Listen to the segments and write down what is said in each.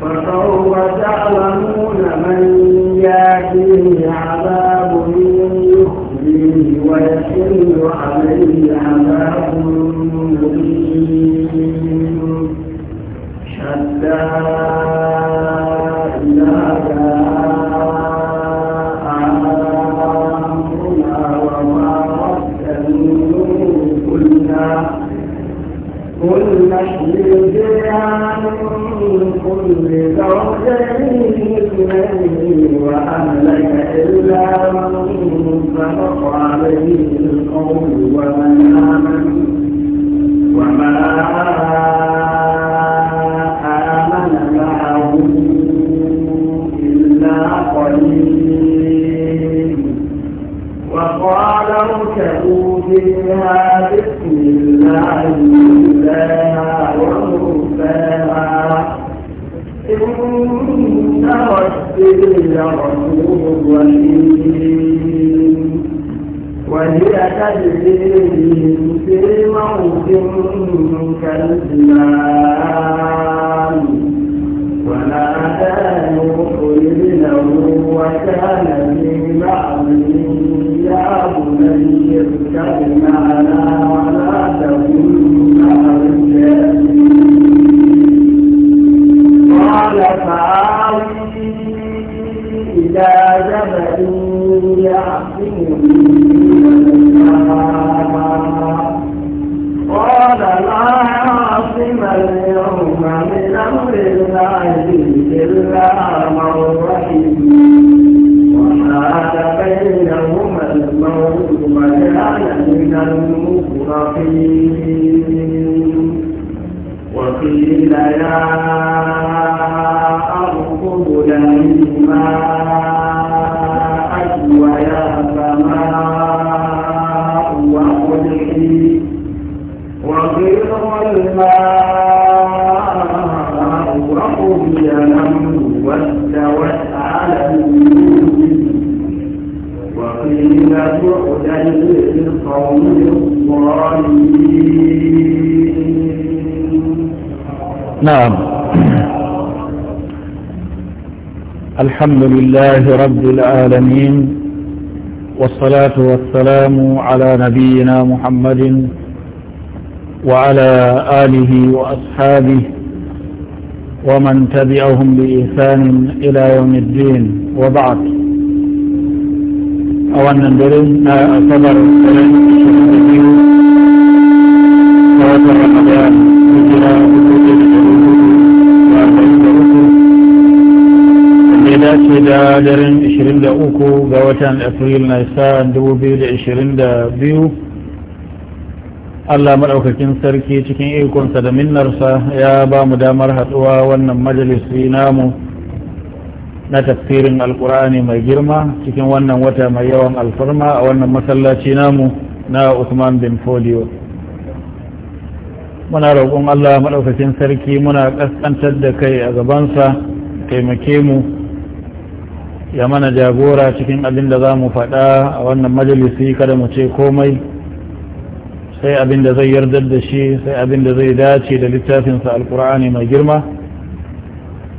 فسوف تعلمون من ياتيه عذاب يخزيه ويحل عليه عذاب مقيم شداد تجري في موسم كالزمان ونادى نوح ابنه وكان في معزل يا بني اركب بالله إلا من رحم وحال بينهما الموت وكان من المغرقين وقيل يا نعم الحمد لله رب العالمين والصلاة والسلام على نبينا محمد وعلى آله وأصحابه ومن تبعهم بإحسان إلى يوم الدين وبعد أولا نبرم أصبر daidai da daren 23 ga watan afril na isa 2022 allah maɗaukakin sarki cikin ikonsa da minnarsa ya ba mu damar haɗuwa wannan majalisi namu na tafsirin alkur'ani mai girma cikin wannan wata mai yawan alfarma a wannan masallaci namu na usman bin folio muna roƙon Allah maɗaukakin sarki muna ƙasƙantar da kai a gabansa taimake mu ya mana jagora cikin abin da za mu faɗa a wannan majalisi kada mu ce komai sai abin da zai yardar da shi sai abin da zai dace da littafinsa alkur'ani mai girma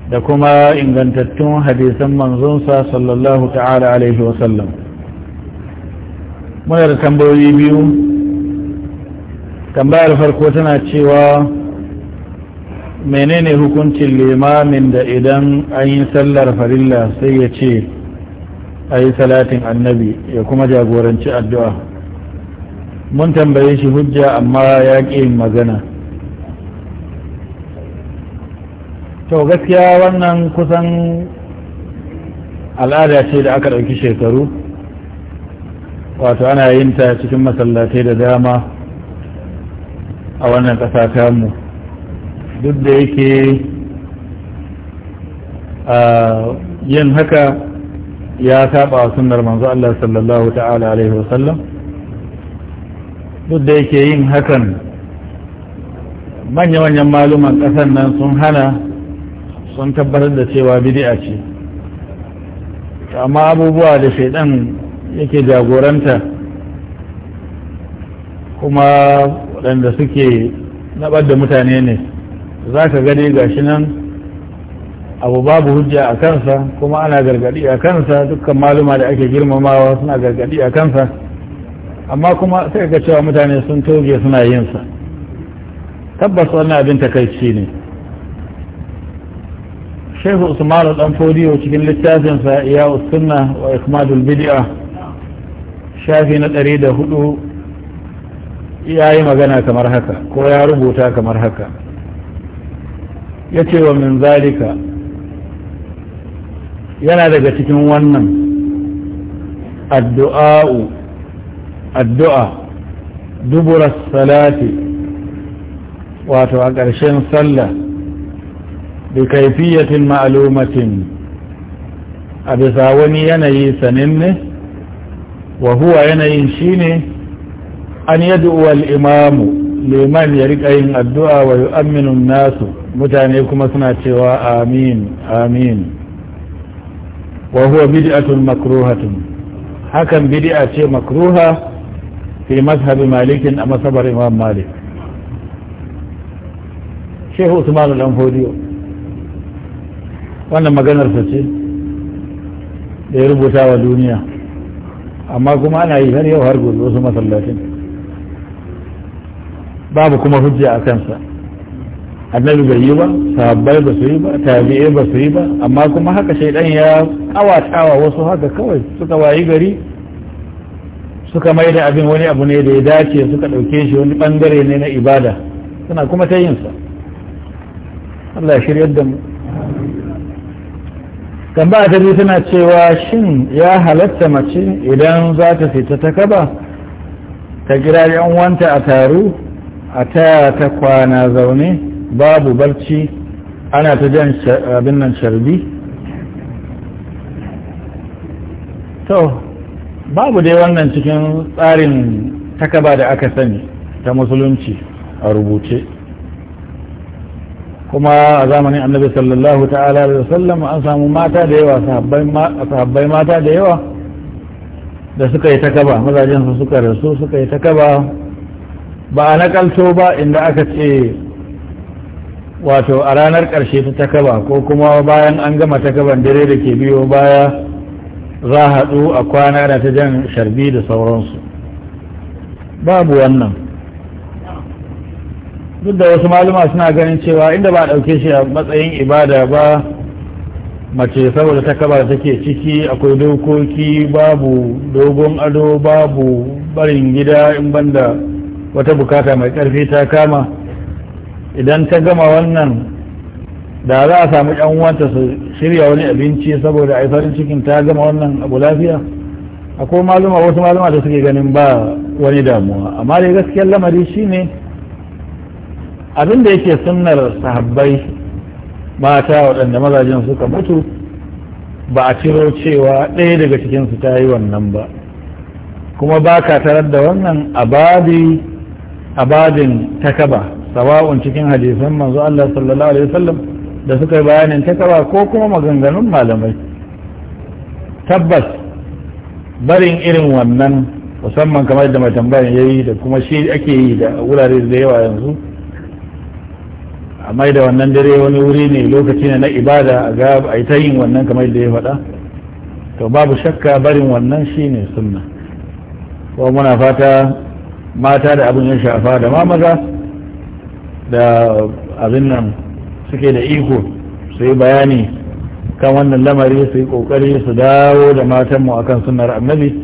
da kuma ingantattun hadisan manzonsa sallallahu ta'ala alaihi wasallam muna da tambayoyi biyu tambayar farko tana cewa menene hukuncin limamin da idan an yi sallar farilla sai ya ce a yi salatin annabi ya kuma jagoranci addu'a mun tambaye shi hujja amma ya ƙi magana to gaskiya wannan kusan al'ada ce da aka ɗauki shekaru wato ana yin ta cikin masallatai da dama a wannan ƙasa tamu mu duk da yake yin haka ya saba wa sunar manzo Allah sallallahu ta'ala alaihi wasallam duk da yake yin hakan manya-manyan maluman ƙasar nan sun hana sun tabbatar da cewa bidi'a ce amma abubuwa da shaidan yake jagoranta kuma waɗanda suke naɓar da mutane ne za ka gani gashi nan abu babu hujja a kansa kuma ana gargadi a kansa dukkan maluma da ake girmamawa suna gargadi a kansa amma kuma sai ga cewa mutane sun toge suna yinsa tabbas wannan abin takaici ne shehu usmanu dan fodiyo cikin littafinsa ya sunna wa ikmadul bid'a shafi na ɗari da hudu ya yi magana kamar haka ko ya rubuta kamar haka ya ce wa min zalika yana daga cikin wannan addu'a'u addu'a dubura salati wato a ƙarshen sallah da kaifiyatin ma'alumatin a bisa wani yanayi saninne wa huwa yanayin shine an yadda uwal imamu liman ya riƙa yin addu'a wa yu'amminu nasu mutane kuma suna cewa amin amin wa huwa bid'atun makruhatun hakan bid'a ce makruha fi mazhabi malikin a masabar imam malik shehu usman al-anfodiyo wannan maganarsa ce da ya rubuta wa duniya amma kuma ana yi har yau har gobe wasu masallacin babu kuma hujja a kansa annabi bai yi ba sahabbai ba su yi ba tabi'ai ba su yi ba amma kuma haka shaidan ya kawatawa wasu haka kawai suka wayi gari suka mai da abin wani abu ne da ya dace suka ɗauke shi wani ɓangare ne na ibada suna kuma ta yinsa Allah shirya da mu tambaya ta biyu tana cewa shin ya halatta mace idan za ta fita ta kaba ta kira yan wanta a taru a ta ta kwana zaune babu barci ana ta jan abin nan sharbi to babu dai wannan cikin tsarin takaba da aka sani ta musulunci a rubuce kuma a zamanin annabi sallallahu ta'ala da sallam an samu mata da yawa sahabbai mata da yawa da suka yi takaba mazajensu suka rasu suka yi takaba ba a nakalto ba inda aka ce wato a ranar ƙarshe ta takaba ko kuma bayan an gama takaban dare da ke biyo baya za a haɗu a kwana da ta jan sharbi da sauransu babu wannan duk da wasu maluma suna ganin cewa inda ba a ɗauke shi a matsayin ibada ba mace saboda takaba da take ciki akwai dokoki babu dogon ado babu barin gida in banda wata bukata mai ƙarfi ta kama idan ta gama wannan da za a samu yan uwanta su shirya wani abinci saboda a cikin ta gama wannan abu lafiya akwai maluma wasu maluma da suke ganin ba wani damuwa amma dai gaskiyar lamari shine abin da yake sunnar sahabbai mata waɗanda mazajen suka mutu ba a ciro cewa ɗaya daga cikinsu ta yi wannan ba kuma ba ka tarar da wannan abadi abadin takaba sawa'un cikin hadisan manzo Allah sallallahu alaihi wasallam da suka yi bayanin takaba ko kuma maganganun malamai tabbas barin irin wannan musamman kamar da mai tambayan yayi da kuma shi ake yi da wurare da yawa yanzu amma da wannan dare wani wuri ne lokaci ne na ibada a ga a ta yin wannan kamar da ya faɗa to babu shakka barin wannan shine sunna ko muna fata mata da abin ya shafa da ma maza da abin nan suke da iko su yi bayani kan wannan lamari su yi kokari su dawo da matanmu akan sunnar annabi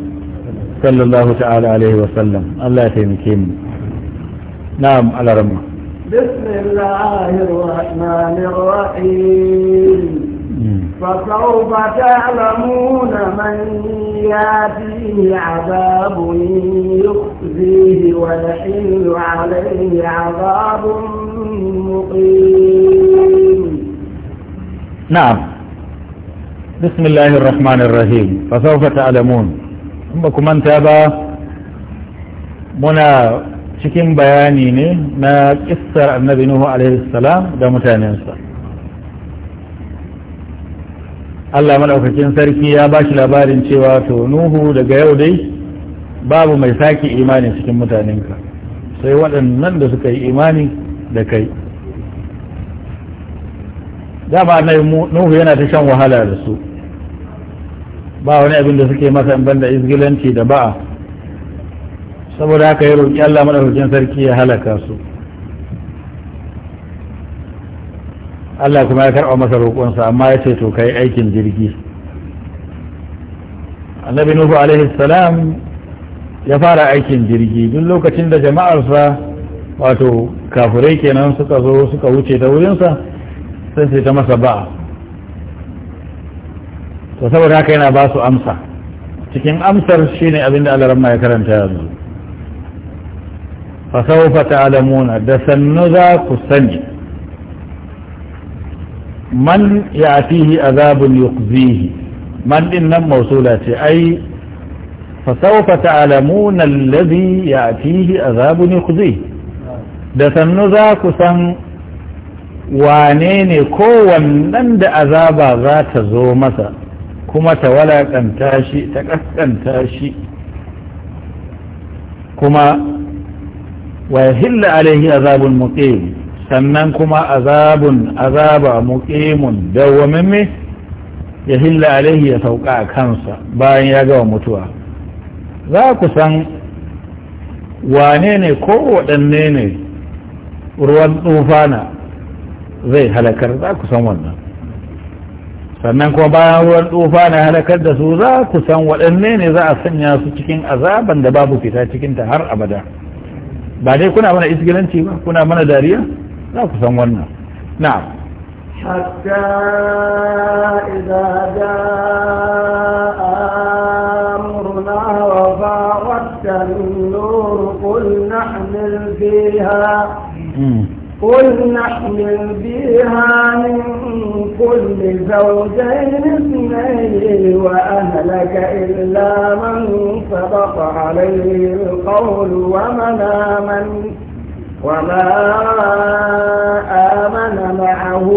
sallallahu ta'ala alaihi wasallam Allah ya taimake mu na'am alarma بسم الله الرحمن الرحيم فسوف تعلمون من ياتيه عذاب يخزيه ويحل عليه عذاب مقيم نعم بسم الله الرحمن الرحيم فسوف تعلمون انكم من تابع منا cikin bayani ne na kissar annabi Nuhu alaihi salam da mutanensa Allah madaukakin sarki ya ba shi labarin cewa to nuhu daga yau dai babu mai sake imani cikin mutanenka sai waɗannan da suka yi imani da kai dama na nuhu yana ta shan wahala da su ba wani abin da suke masa in banda izgilanci da ba'a saboda haka ya roƙi Allah madaukakin sarki ya halaka su Allah kuma ya karɓa masa roƙonsa amma ya ce to kai aikin jirgi annabi nuhu alaihi salam ya fara aikin jirgi duk lokacin da jama'arsa wato kafurai kenan suka zo suka wuce ta wurinsa sun ce ta masa ba to saboda haka yana ba su amsa cikin amsar shine abin da Allah ya karanta yanzu fa sawfa ta'lamuna da sannu za ku sani man ya'tihi azabun yuqzihi man din nan mausula ce ai fa sawfa ta'lamuna alladhi ya'tihi azabun yuqzihi da sannu za ku san wane ne kowannen da azaba za ta zo masa kuma ta walakanta shi ta kaskanta shi kuma wa hilla alaihi azabun muqim sannan kuma azabun azaba muqimun dawwamamme ya hilla alaihi ya sauka a kansa bayan ya gawa mutuwa za ku san wane ne ko waɗanne ne ruwan tsufana zai halakar za ku san wannan sannan kuma bayan ruwan tsufa na halakar da su za ku san waɗanne ne za a sanya su cikin azaban da babu fita cikinta har abada ba dai kuna mana isgilanci ba kuna mana dariya لا ku san نعم. حتى إذا جاء أمرنا وفاوت النور قل نحمل فيها قل نحمل فيها من كل زوجين اثنين وأهلك إلا من سبق عليه القول ومن آمن وما آمن معه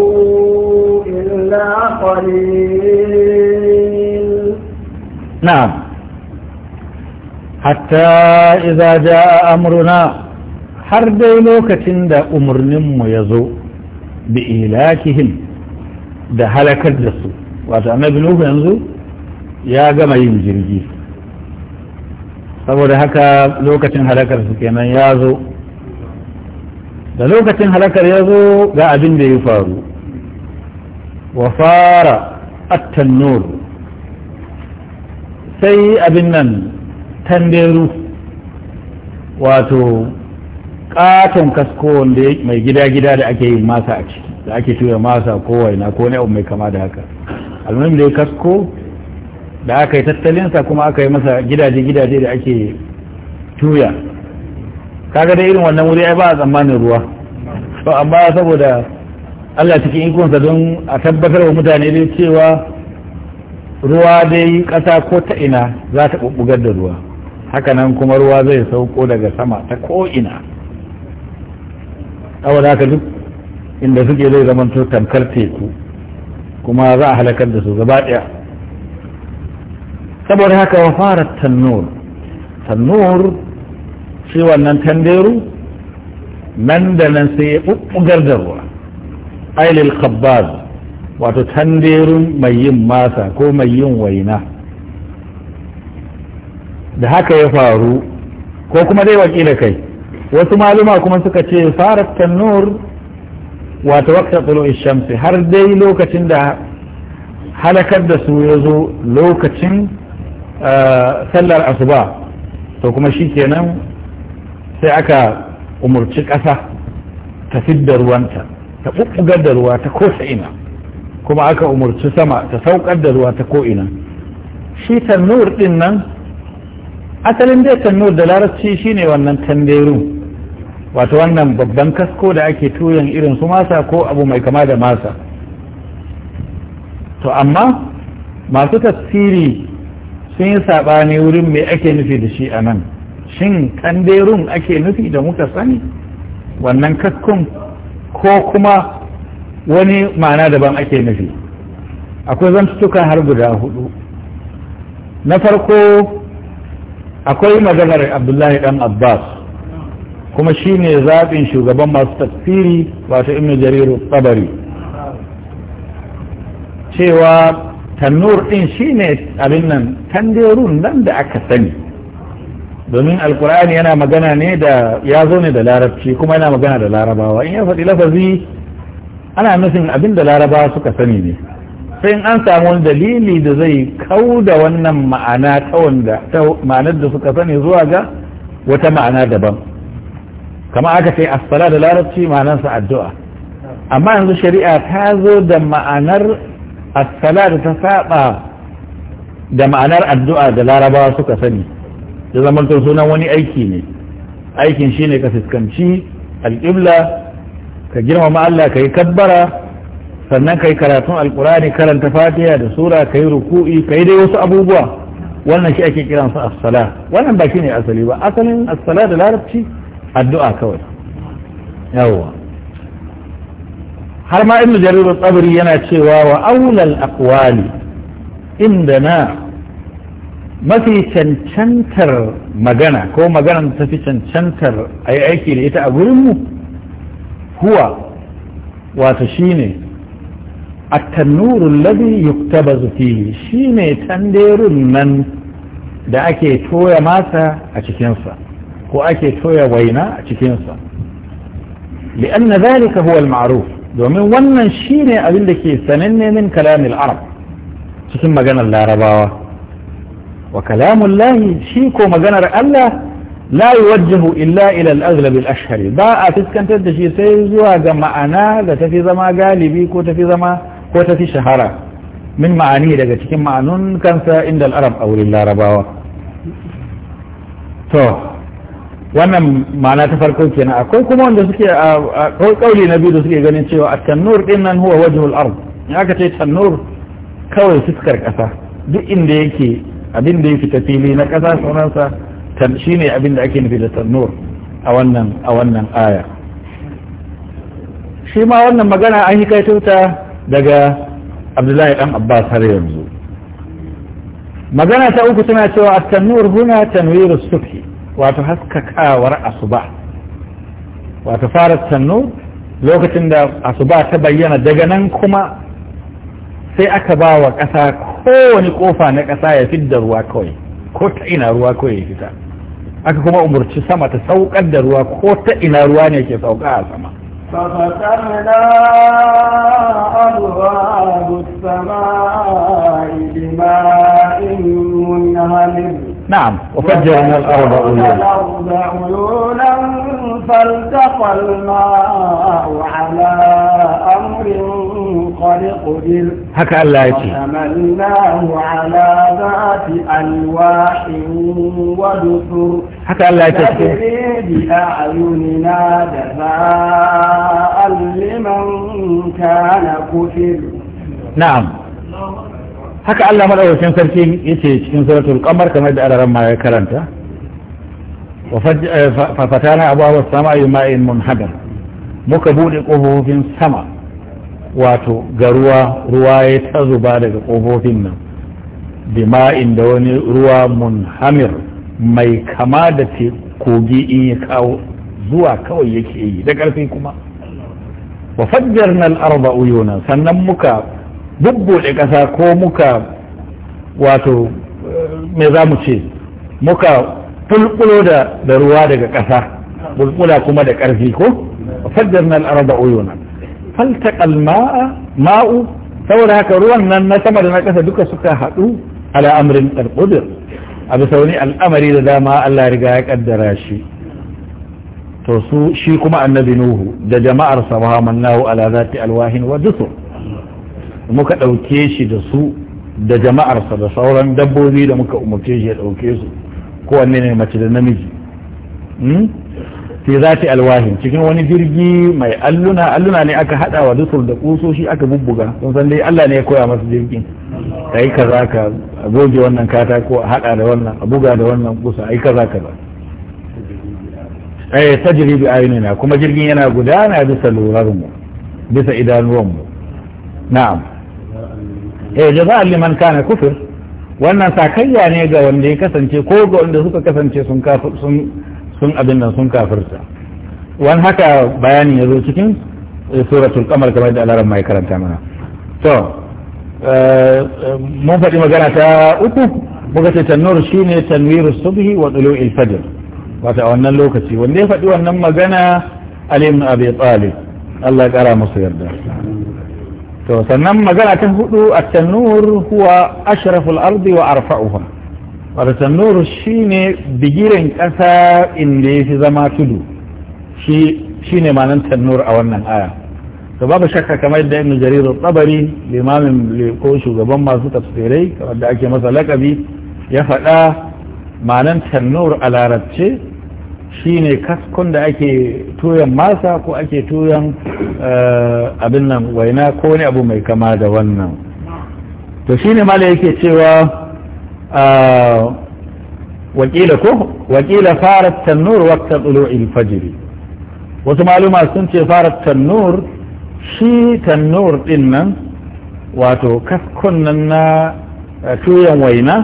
إلا قليل نعم حتى إذا جاء أمرنا har dai lokacin da umarninmu ya zo bi ilakihim da halakar da su wato annabi nuhu yanzu ya gama yin jirgi saboda haka lokacin halakar su kenan ya zo da lokacin halakar ya zo ga abin da ya faru wa fara attannur sai abin nan tanderu wato katon kasko wanda mai gida-gida da ake yin masa a ciki da ake tura masa kowai na ko abu mai kama da haka almuhim da ya kasko da aka yi tattalinsa kuma aka yi masa gidaje-gidaje da ake tuya kaga da irin wannan wuri ai ba a tsammanin ruwa to amma saboda Allah cikin ikonsa don a tabbatar wa mutane dai cewa ruwa dai kasa ko ta ina za ta bubbugar da ruwa hakanan kuma ruwa zai sauko daga sama ta ko ina saboda haka duk inda suke zai zama to tamkar teku kuma za a halakar da su gaba daya saboda haka wa fara tannur tannur shi wannan tanderu nan da nan sai ya ɓuɓɓugar da ruwa ailil khabbaz wato tanderun mai yin masa ko mai yin waina da haka ya faru ko kuma dai wakila kai wasu maluma kuma suka ce fara tanur wato wakta tsulo shamsi har dai lokacin da halakar da su ya zo lokacin eh, sallar asuba to kuma shi kenan sai aka umarci ƙasa ta fidda ruwanta ta ɓuɓɓugar da ruwa ta ko ina kuma aka umarci sama ta saukar da ruwa ta ko ina shi tannur ɗin nan asalin dai tannur da larabci ne wannan tanderu wato wannan babban kasko da ake tuyan irin su masa ko abu mai kama da masa to amma masu tafsiri sun yi saɓani wurin mai ake nufi da shi a nan shin kanderun ake nufi da muka sani wannan kakkun ko kuma wani ma'ana daban ake nufi akwai zantuka har guda hudu na farko akwai maganar abdullahi dan abbas kuma shi ne zaɓin shugaban masu tafsiri wato imin jariru, tsabari cewa tannur ɗin shi ne abin nan tanderun nan da aka sani domin alkur'ani yana magana ne da ya zo ne da larabci kuma yana magana da larabawa in ya faɗi lafazi ana nufin abin da larabawa suka sani ne sai in an samu wani dalili da zai kau da wannan ma'ana ta wanda ta ma'anar da suka sani zuwa ga wata ma'ana daban kama aka ce asfala da larabci ma'anarsa addu'a amma yanzu shari'a ta zo da ma'anar asfala da ta saba da ma'anar addu'a da larabawa suka sani ya zamantar sunan wani aiki ne aikin shine ka fuskanci alƙibla ka girmama Allah ka yi kabbara sannan ka yi karatun alƙurani karanta fatiha da sura ka yi ruku'i ka yi dai wasu abubuwa wannan shi ake kiran su as-sala wannan ba ne asali ba asalin as da larabci addu'a kawai yawwa har ma ibnu jarir al yana cewa wa aulal aqwali indana mafi cancantar magana ko maganar ta fi cancantar a yi aiki da ita a gurinmu huwa wata shi ne a tannurun labi yuktaba fihi shi ne tanderun nan da ake toya masa a cikinsa ko ake toya waina a cikinsa li'anna zalika huwa al-ma'ruf domin wannan shine abin da ke sananne min kalamil arab cikin maganar larabawa wa kalamun lahi shi ko maganar Allah la yuwajjahu illa ila al ashari ba a fuskantar da shi sai zuwa ga ma'ana da tafi zama galibi ko tafi zama ko tafi shahara min ma'ani daga cikin ma'anun kansa inda al a wurin larabawa to wannan ma'ana ta farko kenan akwai kuma wanda suke a kauli na biyu da suke ganin cewa a tannur din nan huwa wajhul ard in aka ce tannur kawai fuskar kasa duk inda yake abin da ya fita fili na ƙasa sunansa shi ne abin da ake nufi da tannur a wannan a wannan aya shi ma wannan magana an yi kai ta daga abdullahi dan abbas har yanzu magana ta uku tana cewa at-tannur huna tanwiru subhi wato haskakawar asuba wato fara tannur lokacin da asuba ta bayyana daga nan kuma sai aka ba wa ƙasa kowane kofa na ƙasa ya fidda ruwa kawai ko ta ina ruwa kawai ya fita aka kuma umarci sama ta saukar da ruwa ko ta ina ruwa ne ke sauka a sama ففتحنا أبواب السماء بماء منهمر نعم وفجرنا الأرض عيونا فالتقى الماء على أمر خلق دل هكا لا يتي وحملناه على ذات ألواح ودثر هكا لا يتي تدري بأعيننا جزاء لمن كان كفر نعم هكا لا مرأي وشنسر كي يتي شنسرة القمر كما يدعى رمى كرنتا آه، ففتانا أبواب السماء ماء منحدر مكبول قفوف سماء wato ga ruwa ruwa ya ta zuba daga ƙofofin nan bima inda wani ruwa mun hamir, mai kama da kogi in ya kawo zuwa kawai yake yi da ƙarfi kuma wa fajjar nan arda uyunan sannan muka bubbuɗe ƙasa ko muka wato eh, me za mu ce muka fulkulo da ruwa daga ƙasa bulbula kuma da ƙarfi ko fajjar nan arda uyunan فالتقى الماء saboda haka ruwan nan na sama da na ƙasa duka suka haɗu ala amrin alƙudur a bisa wani al'amari da dama Allah riga ya ƙaddara shi to su shi kuma annabi nuhu da jama'ar sa mannahu ala zati alwahin wa dusur muka ɗauke shi da su da jama'ar sa da sauran dabbobi da muka umarce shi ya ɗauke su kowanne ne mace da namiji hmm? fi zati alwahin cikin wani jirgi mai alluna alluna ne aka hada wa dusul da kusoshi aka bubbuga sun san dai Allah ne ya koya masa jirgin ai kaza ka goge wannan katako a hada da wannan a buga da wannan kusa ai kaza kaza ai tajri bi ayunina kuma jirgin yana gudana bisa lurarmu mu bisa idanuwan mu na'am eh jaza'a liman kana kufur wannan sakayya ne ga wanda ya kasance ko ga wanda suka kasance sun sun sun abin nan sun kafirta wani haka bayanin ya zo cikin eh, suratul kamar kamar da alaran mai karanta mana to eh, mun faɗi magana ta uku muka ce tannur shine tanwiru subhi wa tulu'il fajr wato a wannan lokaci wanda ya faɗi wannan magana Ali ibn Abi Talib Allah ya ƙara musu yarda to sannan magana ta hudu a tanur huwa ashraful ardi wa arfa'uha faratan shi shine bigiren ƙasa inda ya fi zama tudu shi ne manan tannur a wannan aya to babu shakka kamar yadda ibn jarir tsabari limamin ko shugaban masu tafsirai kamar da ake masa lakabi ya faɗa manan tannur a larabce shine kaskon da ake tuyan masa ko ake tuyan eh, abin nan waina ko wani abu mai kama da wannan to shine mala yake cewa وقيل كه آه، وقيل فارت تنور وقت طلوع الفجر وثم علوم السنة فارت تنور شي تنور إنا واتو كف كننا آه، كو يوم وينا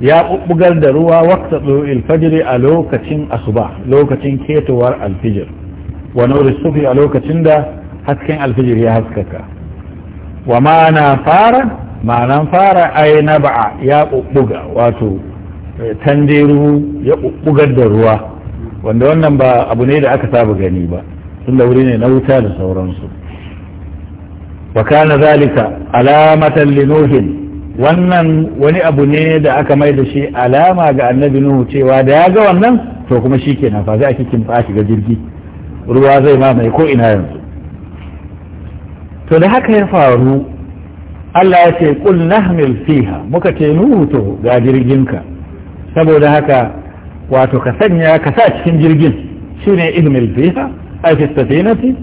يا أبقل دروا وقت طلوع الفجر ألو كتين أصباح لو كتين كيت ور الفجر ونور الصفي ألو كتين دا هتكين الفجر يا هتكك وما أنا فارت ma'anan fara ai na ba'a ya ɓuɓɓuga wato eh, tanderu ya ɓuɓɓugar da ruwa wanda wannan ba abu ne da aka saba gani ba da wuri ne na wuta da sauransu wa kana zalika alamatan nuhin wannan wani abu ne da aka mai da shi alama ga annabi nuhu cewa da ya ga wannan to kuma shi kenan fa zai ake kimfa shiga jirgi ruwa zai mamaye ko ina yanzu to da haka ya faru Allah ya ce kul nahmil fiha muka ce nuhu ga jirginka saboda haka wato ka sanya ka sa cikin jirgin shine ihmil fiha ay fi safinati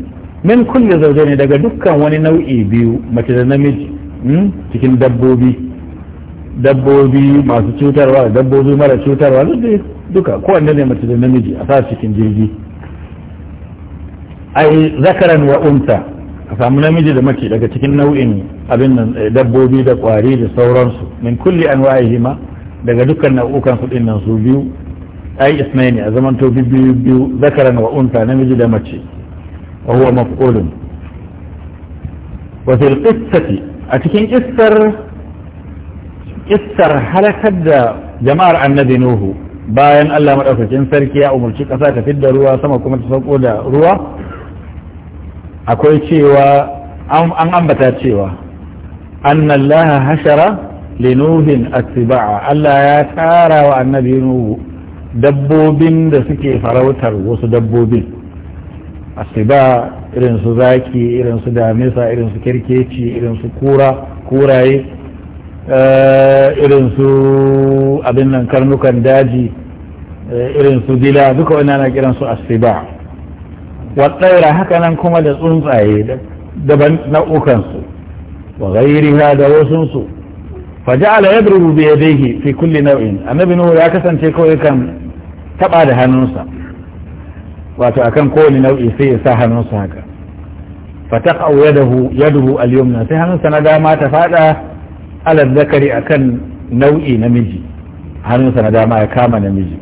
min kulli zawjayn daga dukkan wani nau'i biyu mace da namiji hmm, cikin dabbobi dabbobi masu cutarwa dabbobi mara cutarwa duka ko wanda ne mace da namiji a sa cikin jirgi ai zakaran wa unta a samu namiji da mace daga cikin nau'in abin nan eh, dabbobi da kwari da sauransu min kulli anwa'ihi ma daga dukkan nau'ukan su dinnan su biyu ai ismaini a zaman to biyu biyu zakaran wa unta namiji da mace wa huwa maf'ulun wa fil qissati a cikin qissar qissar halakar da jama'ar annabi nuhu bayan Allah madaukakin sarki ya umarci kasa ta fidda ruwa sama kuma ta sauko da ruwa akwai cewa an ambata cewa أن الله هشر لنوح السباع الله يا تارى والنبي نوح dabbobin da suke farautar wasu dabbobin asiba irin su zaki irin su damisa irin su kirkeci irin su kuraye irin su abin nan karnukan daji irin su dila duka wani ana kiran su asiba wa haka nan kuma da tsuntsaye daban su. wa ghairiha da wasunsu faja'ala yadrubu bi yadayhi fi kulli naw'in annabi nuhu ya kasance kawai kan taba da hannunsa wato akan kowane nau'i sai ya sa hannunsa haka fataqau yadahu yaduhu al-yumna sai hannunsa na dama ta fada ala zakari akan nau'i namiji hannunsa na dama ya kama namiji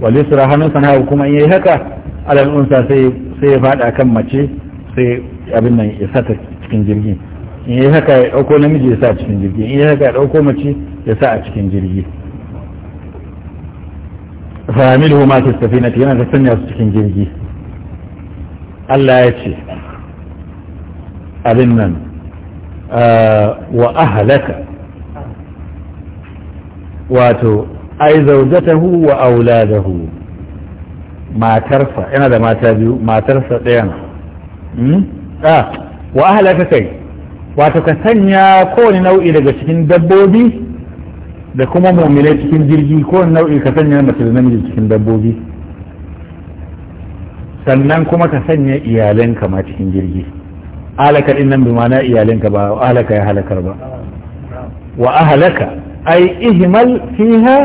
wal yusra hannunsa na kuma in yayi haka ala unsa sai sai ya fada akan mace sai abin nan ya sata cikin jirgin in yi haka ya ɗauko namiji ya sa a cikin jirgi in yi haka ya ɗauko mace ya sa a cikin jirgi fahimil huma ke na yana ta sanya su cikin jirgi Allah ya ce abin nan ah, wa ahalaka wato ai zaujatahu wa auladahu matarsa yana da mata biyu matarsa ɗayan hmm? ah, wa ahalaka kai wato ka sanya kowane nau'i daga cikin dabbobi da kuma mummilai cikin jirgi kowane nau'i ka sanya mace da namiji cikin dabbobi sannan kuma ka sanya iyalanka ma cikin jirgi alaka din nan bi ma'ana iyalanka ba alaka ya halakar ba wa ahlaka ai ihmal fiha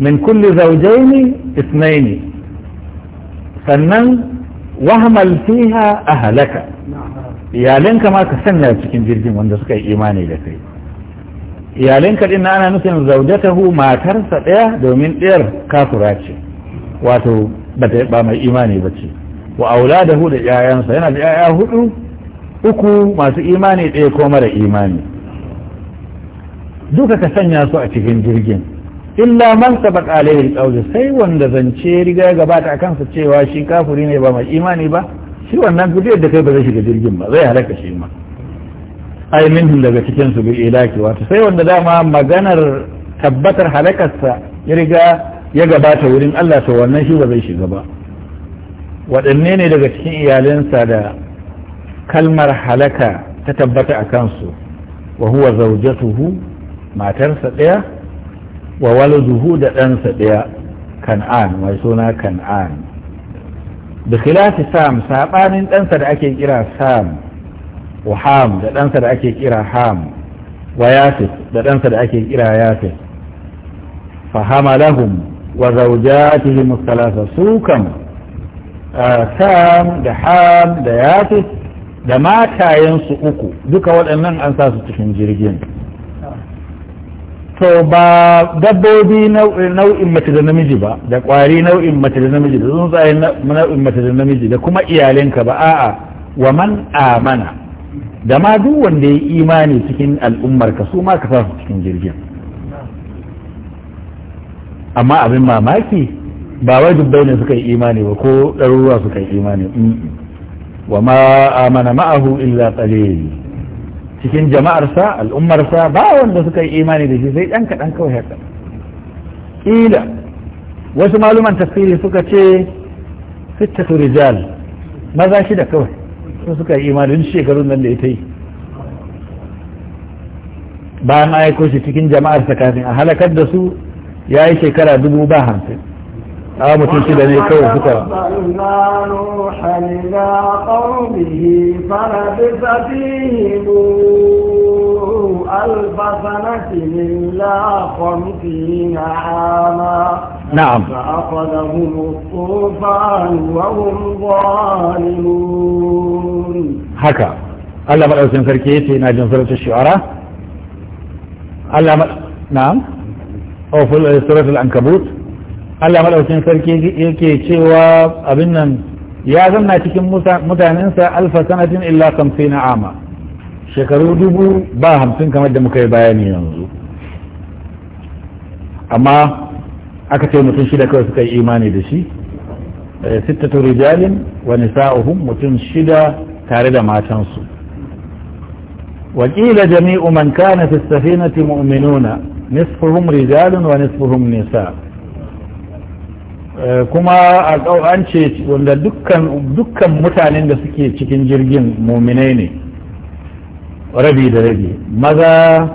min kulli zawjayn ithnayn sannan wahmal fiha ahlaka iyalinka ma ka sanya cikin jirgin wanda suka yi imani da kai iyalinka din ana nufin zaujatahu matarsa ɗaya domin ɗayar kafura ce wato ba mai imani ba ce wa auladahu da 'ya'yansa yana da 'ya'ya hudu uku masu imani ɗaya ko mara imani duka ka sanya su a cikin jirgin illa man sabaq alaihi alqawl sai wanda zance riga gabata ta kansa cewa shi kafuri ne ba mai imani ba shi wannan gudu da kai ba zai shiga jirgin ba zai halaka shi ma ai minhum daga cikin su bi ilaki wato sai wanda dama maganar tabbatar halakarsa ya riga ya gabata wurin Allah to wannan shi ba zai shiga ba waɗanne ne daga cikin iyalinsa da kalmar halaka ta tabbata a kansu wa huwa zawjatuhu matarsa ɗaya wa waladuhu da ɗansa ɗaya kan'an mai suna kan'an da khilafi sam sabanin ɗansa da ake kira sam wa ham da ɗansa da ake kira ham wa yasif da ɗansa da ake kira yasif fahama lahum wa zawjatihim thalatha su kam sam da ham da yasif da matayensu uku duka waɗannan an sa su cikin jirgin to ba dabbobi nau'in mace da namiji ba da kwari nau'in mace da namiji da tsuntsaye nau'in mace da namiji da kuma iyalinka ba a'a wa man amana da ma duk wanda ya imani cikin al'ummarka su ma ka su cikin jirgin amma abin mamaki ba wai dubbai ne suka yi imani ba ko ɗaruruwa suka yi imani wa ma amana ma'ahu illa qalil cikin jama'arsa al'ummarsa ba wanda suka yi imani da shi sai ɗan kaɗan kawai haka ƙila wasu maluman tafsiri suka ce su rijal maza shi da kawai su suka yi imani shekarun nan da ya ta yi bayan aiko shi cikin jama'arsa kafin a halakar da su ya yi shekara dubu ba hamsin آه مثل كده ليه كوه فتا وقال نوحا إلى قومه فلبث فيهم ألف سنة إلا خمسين عاما نعم فأخذهم الطوفان وهم ظالمون هكا ألا بقى اسم فركي في ناجم سورة الشعراء ألا بقى نعم أو في سورة العنكبوت Allah madaukin sarki yake cewa abin nan ya zanna cikin mutanensa alfa sanatin illa na ama shekaru dubu ba hamsin kamar da muka yi bayani yanzu amma aka ce mutum shida kawai suka yi imani da shi eh, sittatu rijalin wa nisa'uhum mutum shida tare da matansu wakila jami'u man kana fi safinati mu'minuna nisfuhum rijalun wa nisfuhum nisa' Eh, kuma an ce wanda dukkan mutanen da suke cikin jirgin muminai ne rabi da rabi maza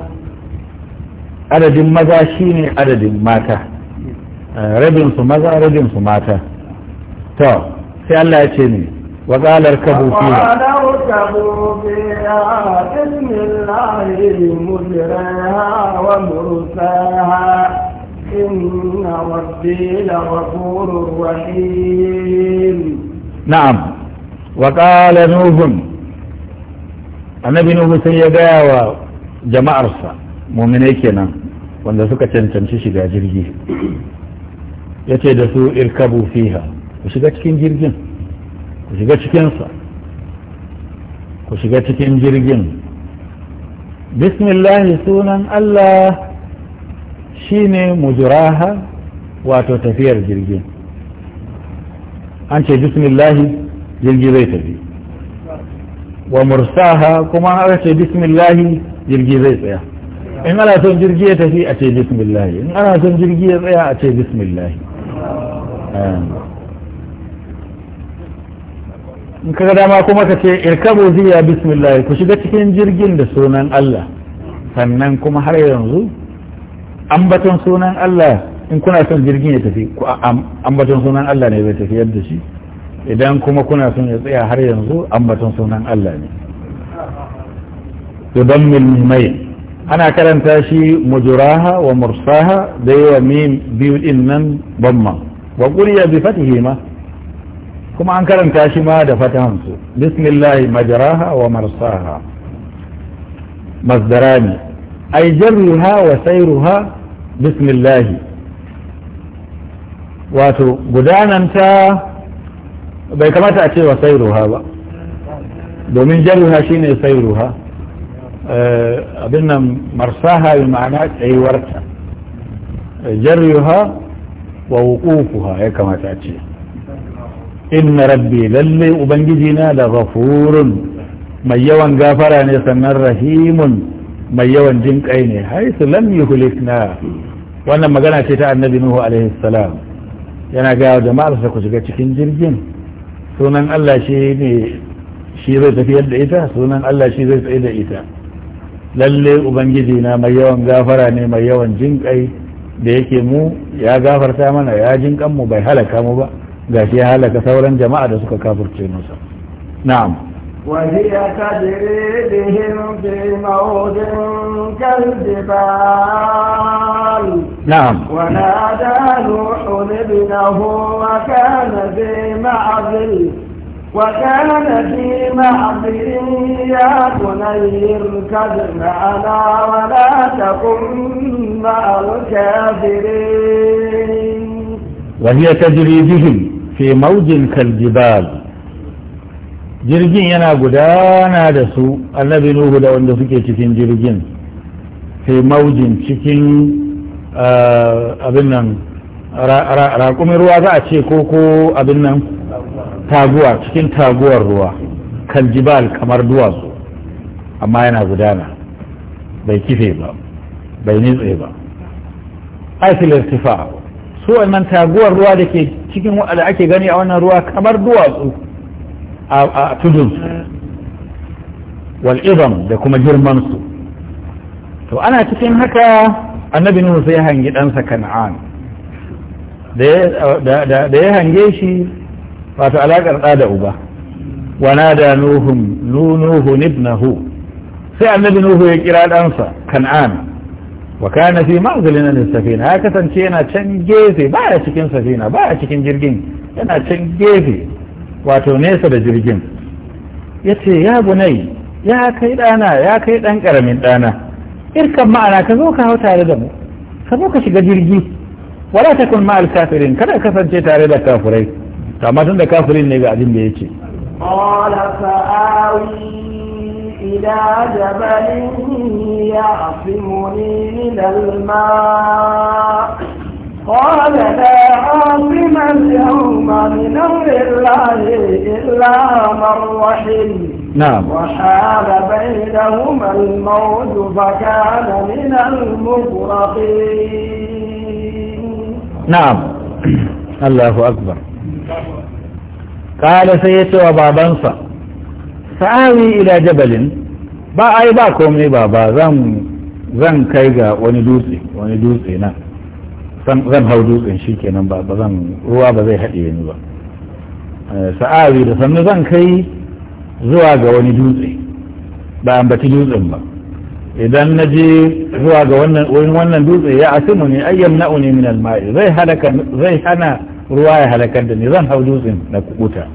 adadin maza shi ne adadin mata eh, rabin su maza rabin su mata to sai Allah ya ce ne وقال اركبوا فيها وقال اركبوا فيها بسم الله مجريها ومرساها Na'am, ربي لغفور رحيم نعم وقال نوح nuhu sai ya gaya wa jama'arsa muminai kenan wanda suka cancanci shiga jirgi ya ce da su irkabu fiha ku shiga cikin jirgin ku shiga cikinsa ku shiga cikin jirgin bismillahi sunan allah shine mujuraha wato tafiyar jirgin an ce bismillahi jirgi zai tafi wa mursaha kuma an ce bismillahi jirgi zai tsaya in ana son jirgi ya tafi a ce bismillahi in ana son jirgi ya tsaya a ce bismillahi in kaga dama kuma ka ce irkabu ziya bismillahi ku shiga cikin jirgin da sunan Allah sannan kuma har yanzu ambaton sunan Allah in kuna son jirgin ya tafi ambaton sunan Allah ne zai tafi yadda shi idan kuma kuna son ya tsaya har yanzu ambaton sunan Allah ne Idan yudammil mai ana karanta shi mujuraha wa mursaha da yawa mim biyu din nan bamma wa quriya bi fatihi ma kuma an karanta shi ma da fatahan su bismillah majraha wa mursaha masdarani أي جريها وسيرها بسم الله واتو قدانا انت بيك ما تأتي وسيرها با. ومن جرها شين يسيرها أبنا آه، مرساها بمعنى أي ورثة جريها ووقوفها هي كما تأتي إن ربي للي أبنجينا لغفور من يوان غافر أن يسمى رحيم رحيم mai yawan jin kai ne haisu lam yuhlikna wannan magana ce ta annabi nuhu alaihi salam yana ga jama'ar su ku shiga cikin jirgin sunan Allah shi ne shi zai tafiyar da ita sunan Allah shi zai tsaye da ita lalle ubangiji na mai yawan gafara ne mai yawan jin kai da yake mu ya gafarta mana ya jin kan mu bai halaka mu ba gashi ya halaka sauran jama'a da suka kafirce musa na'am وهي تجري بهم في موج كالجبال نعم ونادى نوح ابنه وكان في معزل وكان في معزل يا بني اركب معنا ولا تكن مع الكافرين وهي تجري بهم في موج كالجبال jirgin yana gudana da su annabi nuhu da wanda suke cikin jirgin sai maujin cikin eh, abin nan raƙumin ruwa za a ce ko ko abin nan taguwa cikin taguwar ruwa kaljibal kamar duwatsu amma yana gudana bai kife ba bai nitse ba aisil irtifa su wannan taguwar ruwa da ke cikin da ake gani a wannan ruwa kamar duwatsu a tudunsu wal'izam da kuma girmansu to ana cikin haka annabi nuhu sai hangi ɗansa kan'an da ya hange shi wato alaƙar ɗa da uba wana da nuhu ibnahu sai annabi nuhu ya kira ɗansa kan'an wa kana fi ma'zilin an safina ya kasance yana can gefe ba a cikin safina ba a cikin jirgin yana can gefe wato nesa da jirgin ya ce ya bunai ya kai ɗana ya kai ɗan karamin ɗana irkan ma'ana ka zo ka hau tare da mu ka zo ka shiga jirgi wala ta kun ma'al kafirin kada kasance tare da kafirai amma tun da kafirin ne ga abin da ya ce قال لا عاصم اليوم من امر الله الا من رحم نعم وحال بينهما الموت فكان من المغرقين نعم الله اكبر قال ابا وبابنسا سآوي الى جبل ba ai ba komai baba zan zan kai ga wani dutse wani dutse na zan hau dutsen shi kenan ba zan ruwa ba zai haɗe ni ba eh, sa'awi da sannu zan kai zuwa ga wani dutse ba ambaci dutsen ba idan na je zuwa ga wannan wannan dutse ya asimu ne ayyam na'u ne min alma'i zai hana ruwa ya halakar da ni zan hau dutsen na kukuta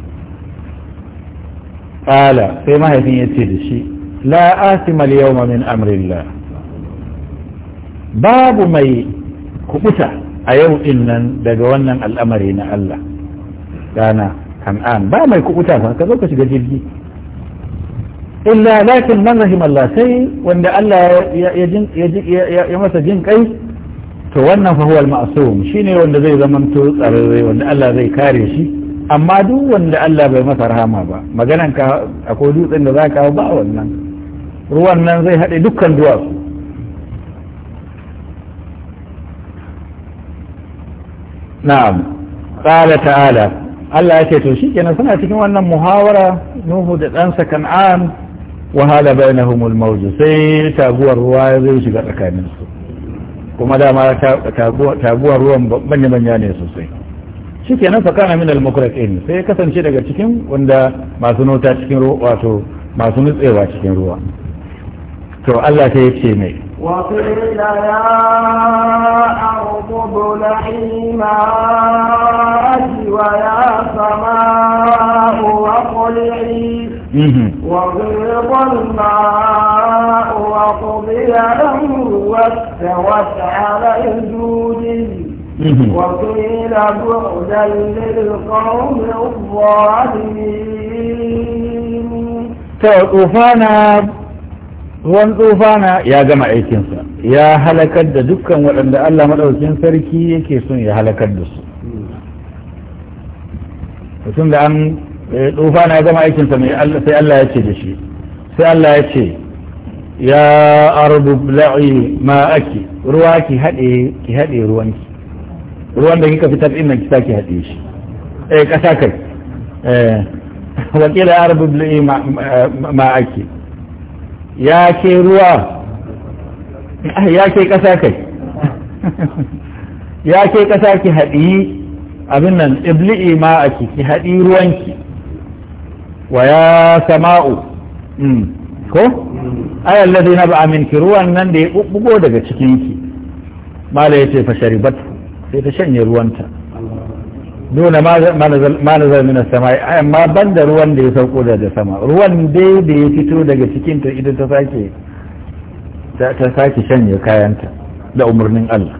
ƙala sai mahaifin ya ce da shi la asima al yawma min amrillah babu mai kubuta a yau din nan daga wannan al'amari na Allah kana kan'an ba mai kubuta ba ka zo ka shiga jirgi illa lakin man rahim Allah sai wanda Allah ya masa jin kai to wannan fa huwal ma'sum shine wanda zai zamanto tsare wanda Allah zai kare shi amma duk wanda Allah bai masa rahama ba maganan ka akwai dutsen da za ka ba wannan ruwan nan zai haɗe dukkan duwatsu na'am qala ta'ala Allah ya ce to shikenan suna cikin wannan muhawara Nuhu da ɗansa Kan'an wa hala bainahumul mawju sai taguwar ruwa zai shiga tsakanin su kuma dama taguwar ruwan banya banya ne sosai shikenan fa kana min al mukraqin sai kasance daga cikin wanda masu nota cikin ruwa wato masu nutsewa cikin ruwa to Allah sai ya ce mai وقيل يا أرض ابلعي ماءك ويا سماء واقلعي وغيظ الماء وقضي الأمر واستوت على الجود وقيل بعدا للقوم الظالمين تطوفنا طيب، ruwan na ya gama aikinsa ya halakar da dukkan waɗanda Allah maɗaukin sarki yake son ya halakar da su mutum da an eh, na ya gama aikinsa sai Allah ya ce da shi sai Allah ya ce ya arbu la'i ma ake ruwa ki haɗe ki haɗe ruwanki ruwan da kika fitar ɗin nan ki sake haɗe shi eh ƙasa kai eh, wakila arbu la'i ma ake ya ke ruwa ya ke ƙasa kai ya ke ƙasa ki haɗi abin nan ibli'i ma a ki haɗi ruwanki wa ya sama'u mm, ko ayar ladi na min ruwan nan da ya ɓuɓɓugo daga cikinki mala ya ce fa sharibat sai ta shanye ruwanta nuna ma nazar na sama amma ban da ruwan da ya sauko daga sama ruwan dai da ya fito daga cikin ta idan ta sake ta sake shanye kayanta da umarnin Allah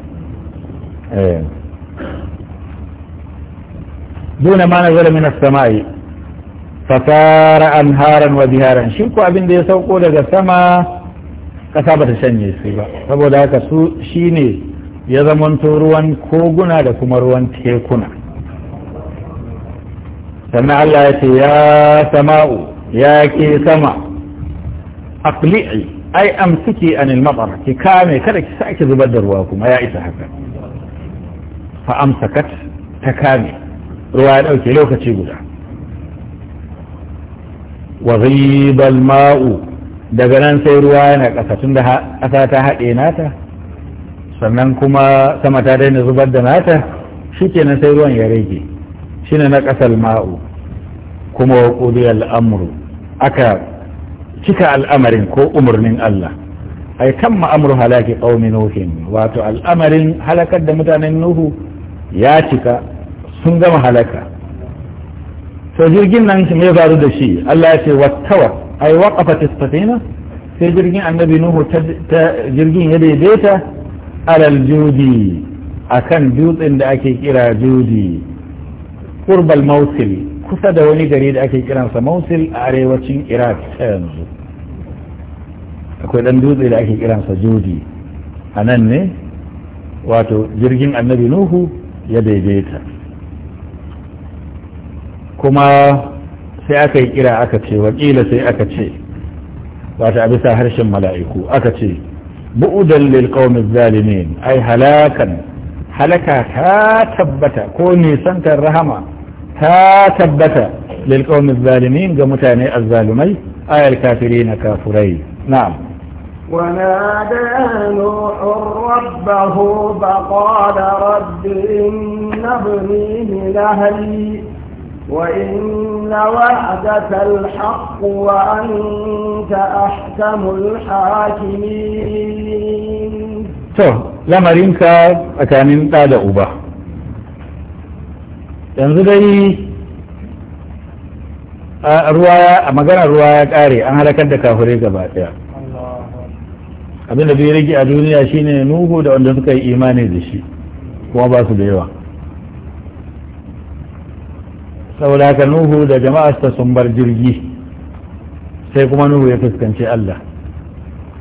duna eh. ma nazar mina sama'i fasara haran wa biharan shi ko abin da ya sauko daga sama kasa ta shanye su ba saboda haka su shine ya zamanto ruwan koguna da kuma ruwan tekuna sannan Allah ya ce ya sama'u ya ke sama aqli'i ai amsiki anil matar ki kame kada ki sake zubar da ruwa kuma ya isa haka fa amsakat ta kame ruwa ya dauke lokaci guda wa ghibal ma'u daga nan sai ruwa yana ƙasa tun da ƙasa ta haɗe nata sannan kuma sama ta daina zubar da nata kenan sai ruwan ya rage shine na ƙasar ma'u kuma wa ƙudiyar al'amuru aka cika al'amarin ko umarnin Allah ai kan ma'amuru halaki ƙaumi nuhin wato al'amarin halakar da mutanen nuhu ya cika sun gama halaka to jirgin nan me faru da shi Allah ya ce wattawa ai waqafat as sai jirgin annabi nuhu ta jirgin ya daidaita alal judi akan dutsen da ake kira judi Ƙurbal mausil kusa da wani gari da ake kiransa mausil a arewacin iraq ta yanzu akwai dan dutse da ake kiransa jodi a nan ne wato jirgin annabi nuhu ya daidaita kuma sai aka yi kira aka ce wakila sai aka ce wata a bisa harshen mala'iku aka ce bu'udan lil qaumi zalimin ai halakan halaka ta tabbata ko nisantar rahama ta tabbata للقوم الظالمين كمتاني الظالمي آية الكافرين كافرين نعم ونادى نوح ربه فقال رب إن ابني من أهلي وإن وعدك الحق وأنت أحكم الحاكمين to lamarinka tsakanin ɗa da uba yanzu dai a maganar ruwa ya ƙare an halakar da kafirai gaba ɗaya abin da bai rage a duniya shine nuhu da wanda suka yi imani da shi kuma ba su da yawa saboda haka nuhu da jama'arsa sun bar jirgi sai kuma nuhu ya fuskanci allah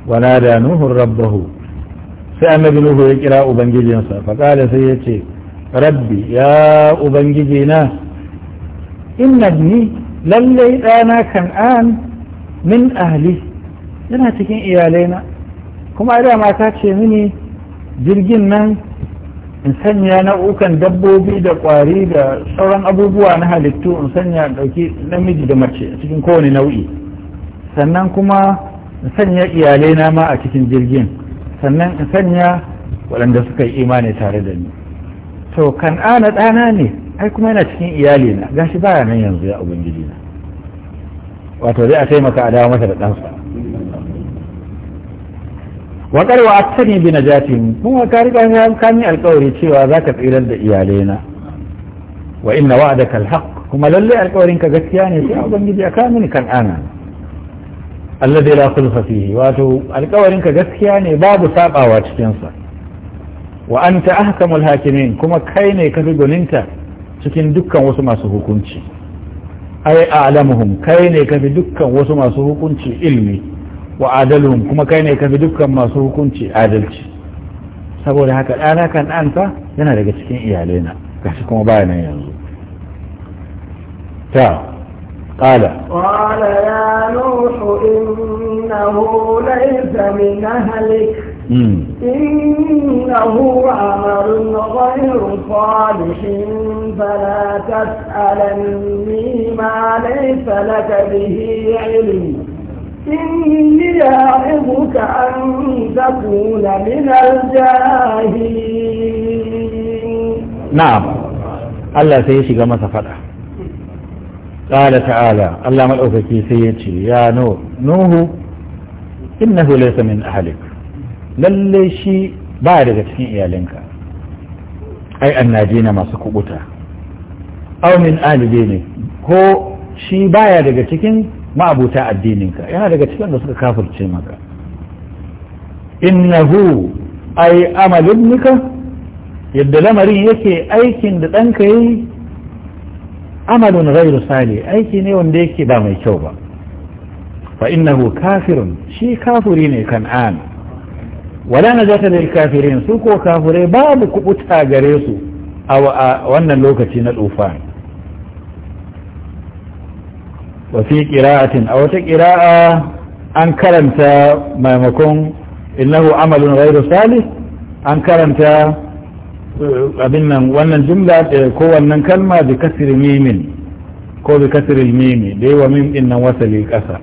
wana da nuhun rabbahu sai annabi nuhu ya kira ubangijinsa faƙala sai ya ce rabbi ya ubangijina inna ni lallai ɗana kan'an min ahli yana cikin iyalaina kuma da mata ce mini jirgin nan in sanya nau'ukan dabbobi da ƙwari da sauran abubuwa na halittu in sanya ɗauki namiji da mace cikin kowane nau'i sannan kuma in sanya iyalaina ma a cikin jirgin sannan in sanya waɗanda suka yi imani tare da ni to kan'ana ɗana ne ai kuma yana cikin iyali na gashi baya nan yanzu ya ubangiji na wato zai a taimaka a dawo masa da ɗansa wa karwa aksani bi najatin kuma ka riga ka yi alkawari cewa zaka tsirar da iyalai iyalaina wa inna wa'adaka alhaq kuma lallai alƙawarin ka gaskiya ne sai ubangiji a kamini kan'ana alladhi la khulfa fihi wato alƙawarin ka gaskiya ne babu sabawa cikin sa wa anta ahkamul hakimin kuma kai ne ka fi gwaninta cikin dukkan wasu masu hukunci ai a'lamuhum kai ne ka fi dukkan wasu masu hukunci ilmi wa adaluhum kuma kai ne ka fi dukkan masu hukunci adalci saboda haka ɗana kan ɗanta yana daga cikin iyalena gashi kuma baya nan yanzu ta قال قال يا نوح إنه ليس من أهلك إنه عمل غير صالح فلا تسألني ما ليس لك به علم إني أعظك أن تكون من الجاهلين نعم الله سيشي كما سفره قال تعالى الله ملعوكي سيتي يا نوح نوح إنه ليس من أهلك للي شيء بعد ذاتين إيالنك أي الناجين ما سكبتا أو من آل دينك هو شيء بعد ذاتين ما أبوتا الدينك يعني ذاتين بس كافر شيء مكا إنه أي أمل ابنك يدل مريك أيكن دتنك أي amalun ghairu sali aiki ne wanda yake ba mai kyau ba fa innahu kafirun shi kafuri ne kan an wala zata lil kafirin su ko kafirai babu kubuta gare su a wannan lokaci na tsufa wa fi qira'atin aw ta qira'a an karanta maimakon innahu amalun ghairu salih an karanta abin nan wannan jumla eh, ko wannan kalma bi kasri mimin ko bi kasri mimi dai wa mim din nan wasali kasa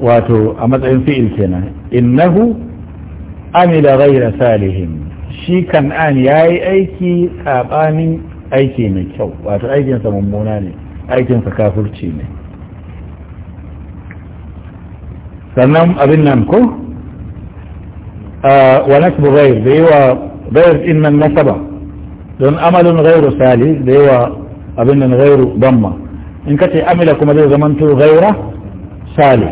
wato a matsayin fi'il kenan innahu amila ghayra salihin shi an yayi aiki sabanin aiki mai kyau wato aikinsa mummuna ne aikinsa kafirci ne sannan abin nan ko ah, wa nasbu ghayr da yawa bayar din nan nasaba don amalin gairu sali da yawa abin nan gairu damma in ka ce amila kuma zai zamanto gaira sali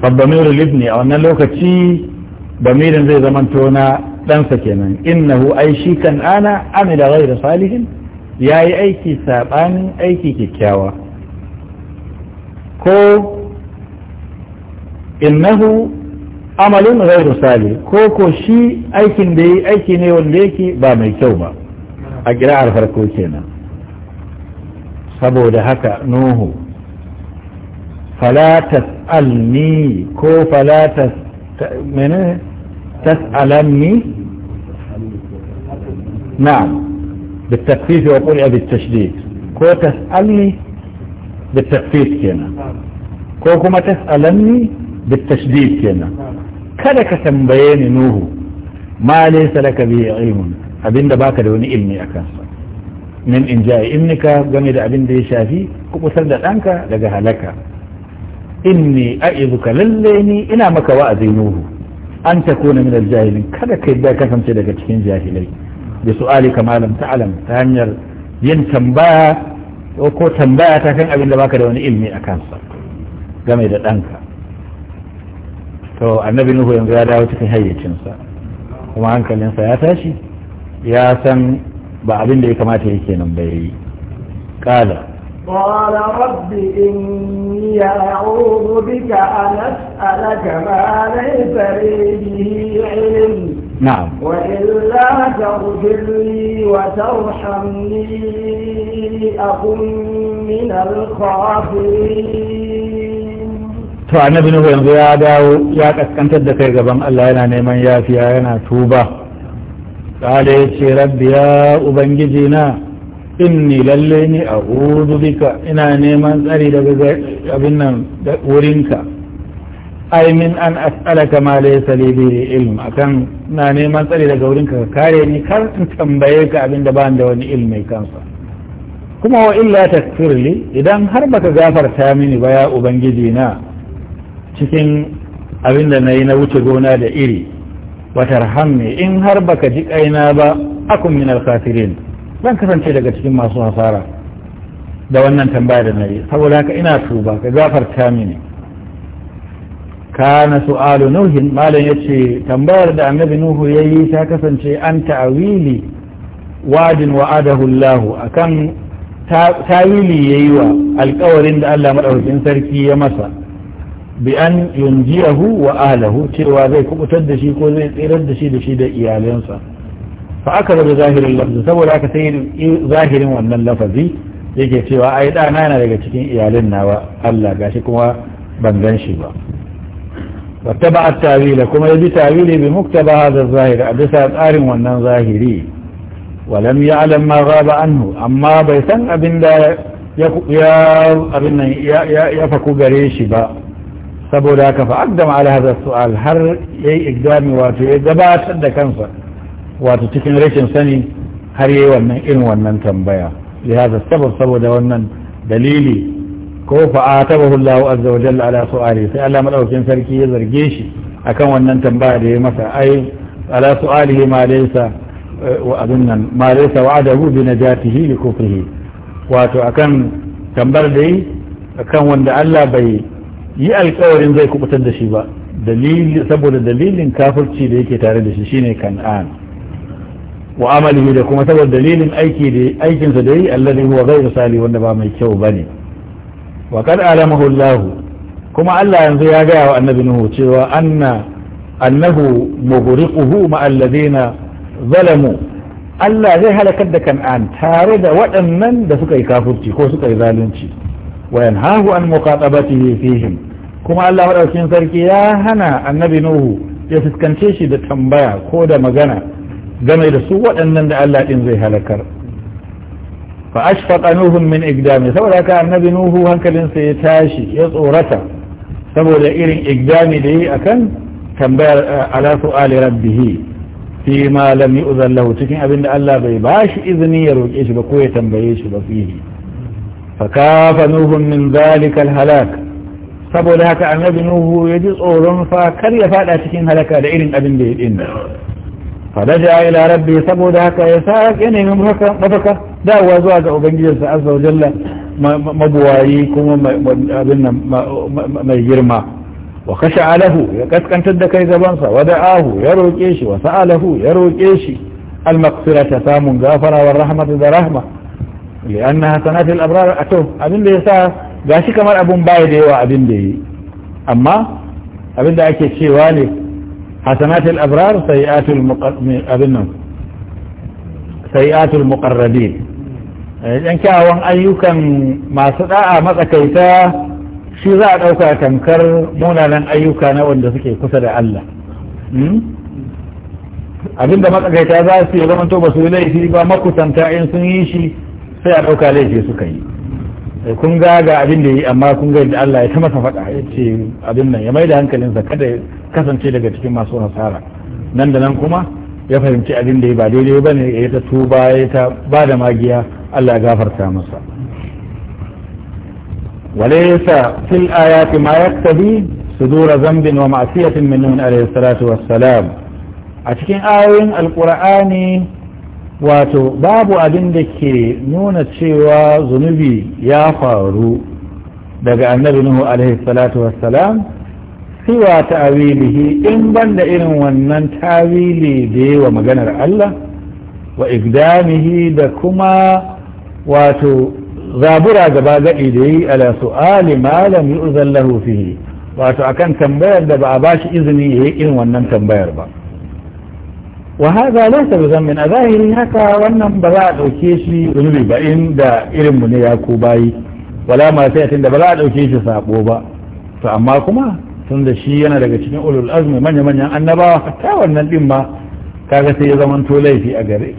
faddamiru libni a wannan lokaci bamirin zai zamanto na ɗansa kenan innahu ai shi kan ana amila gaira salihin ya yi aiki saɓani aiki kyakkyawa ko innahu amalin ghairu salih ko ko shi aikin da yi aiki ne wanda yake ba mai kyau ba a kira'ar farko kenan saboda haka nuhu fala tas'alni ko fala tas mene tas'alanni na'am بالتخفيف وقرئ بالتشديد كو تسألني بالتخفيف كنا كو كما تسألني بالتشديد kenan kada ka tambaye ni nuhu ma laysa laka bi ilmun abinda baka da wani ilmi akan sa min in ja ibnika game da abinda ya shafi ku kusar da danka daga halaka inni a'izuka lalle ni ina maka wa'azi nuhu an takuna min al-jahilin kada kai da kasance daga cikin jahilai da su'ali kama lam ta'lam ta hanyar yin tambaya ko tambaya ta kan abinda baka da wani ilmi a kansa game da danka. to annabi nuhu yanzu ya dawo cikin hayyacinsa kuma hankalinsa ya tashi ya san ba abin da ya kamata yake nan bai yi kala قال رب إني أعوذ بك أن أسألك ما ليس لي به علم نعم وإلا تغفر لي وترحمني أكن من الخاسرين to annabi nuhu yanzu ya dawo ya kaskantar da kai gaban Allah yana neman yafiya yana tuba kala ya ce rabbi ya ubangiji na inni lalle ni a bika ina neman tsari daga abin nan wurinka ai min an as'alaka ma laysa li bi ilm akan na neman tsari daga wurinka ka kare ni kar in tambaye ka abin da ba da wani ilmi kansa kuma wa illa takfirli idan har baka gafarta mini ba ya ubangiji na cikin abin da na yi na wuce gona da iri watar hamni in har baka ji kaina ba akun min alkhasirin zan kasance daga cikin masu hasara da wannan tambaya da na yi saboda haka ina tuba ka gafarta mini kana su'alu nuhin malam yace tambayar da annabi nuhu yayi ta kasance an ta'awili wadin wa'adahu Allah akan tawili yayi wa alƙawarin da Allah madaukakin sarki ya masa bi'an an yunjiyahu wa alahu cewa zai kubutar da shi ko zai tsirar da shi da shi da iyalansa fa aka da zahirin lafzi saboda aka sai zahirin wannan lafazi yake cewa ai da na yana daga cikin iyalin nawa Allah gashi kuma ban gan shi ba wa taba at-tawila kuma yaji tawili bi muktaba hadha zahir a bisa tsarin wannan zahiri ولم يعلم ما غاب عنه اما بيسن ابن دا يا ابن يا يا فكو غريشي بقى saboda haka fa aqdama ala hadha su'al har yayi igdami wato ya gabatar da kansa wato cikin rashin sani har yayi wannan irin wannan tambaya li hadha sabab saboda wannan dalili ko fa atabahu Allah azza wa jalla ala su'ali sai Allah madaukakin sarki ya zarge shi akan wannan tambaya da ya masa ai ala su'alihi ma laysa eh, wa adunnan ma laysa wa'adahu bi najatihi li kufrihi wato akan tambar da yi akan wanda Allah bai yi alkawarin zai kubutar da shi ba saboda dalilin kafirci da yake tare da shi shine kan'an wa amalihi da kuma saboda dalilin aiki da aikinsa da yi alladhi huwa ghayru salih wanda ba mai kyau bane wa qad alamahu Allah kuma Allah yanzu ya gaya wa annabi Nuhu cewa anna annahu mughriquhu ma alladhina zalamu Allah zai halakar da kan'an tare da waɗannan da suka yi kafirci ko suka yi zalunci wa yanhahu an muqatabatihi fihim kuma Allah madaukakin sarki ya hana annabi nuhu ya fuskance shi da tambaya ko da magana game da su waɗannan da Allah din zai halakar fa ashfaqa nuhun min igdami saboda haka annabi nuhu hankalinsa ya tashi ya tsorata saboda irin igdami da yi akan tambayar eh, ala su'ali rabbihi fi ma lam yu'zan lahu cikin abin da Allah bai bashi izini ya roke shi ba ko ya tambaye shi ba fihi fa kafa nuhun min zalika halak saboda haka annabi nuhu ya ji tsoron fa kar ya fada cikin halaka da irin abin da ya dinna fadaja ila rabbi saboda haka ya sa ya nemi mafaka dawowa zuwa ga ubangijinsa azza wa jalla mabuwayi kuma abin nan mai girma wa kasha alahu ya kaskantar da kai gabansa wa da'ahu ya roƙe shi wa sa'alahu ya roƙe shi al-maghfirata samun gafara wa rahmatu da rahma li'anna hasanatil abrar ato abin da yasa ga shi kamar abin baya da yawa abin da yi amma abin da ake cewa ne hasanatul abrar sayi'atul abin nan sayi'atul muqarrabin eh, yan kyawawan ayyukan masu da'a matsakaita shi za a ɗauka tamkar munanan ayyuka na wanda suke kusa da Allah hmm? Abin abinda matsakaita za su yi zamanto ba su laifi ba makusanta in sun yi shi sai a ɗauka laifi suka yi kun ga ga abin da yi amma kun ga yadda Allah ya ta masa faɗa ya ce abin nan ya mai da hankalinsa kada ya kasance daga cikin masu hasara nan da nan kuma ya fahimci abin da yi ba daidai ba ne ya ta tuba ya ta ba da magiya Allah ya gafarta masa وليس في الآيات ما يقتضي صدور ذنب ومعصية منه عليه الصلاة a cikin ayoyin القرآن wato babu abin da ke nuna cewa zunubi ya faru daga annabi nuhu alaihi salatu wassalam siwa ta'awilihi in banda irin wannan tawili da wa maganar Allah wa igdamihi da kuma wato zabura gaba gadi da yi ala su'ali malam lam yu'zan lahu fihi wato akan tambayar da ba a bashi izini yayi irin wannan tambayar ba wa haza laysa bi zammin a zahiri haka wannan ba za a ɗauke shi zunubi in da irin mu ne ya ko bayi wala ma sai da ba za a dauke shi sako ba to amma kuma tun da shi yana daga cikin ulul azmi manya manyan annabawa hatta wannan din ma kaga sai ya zaman laifi a gare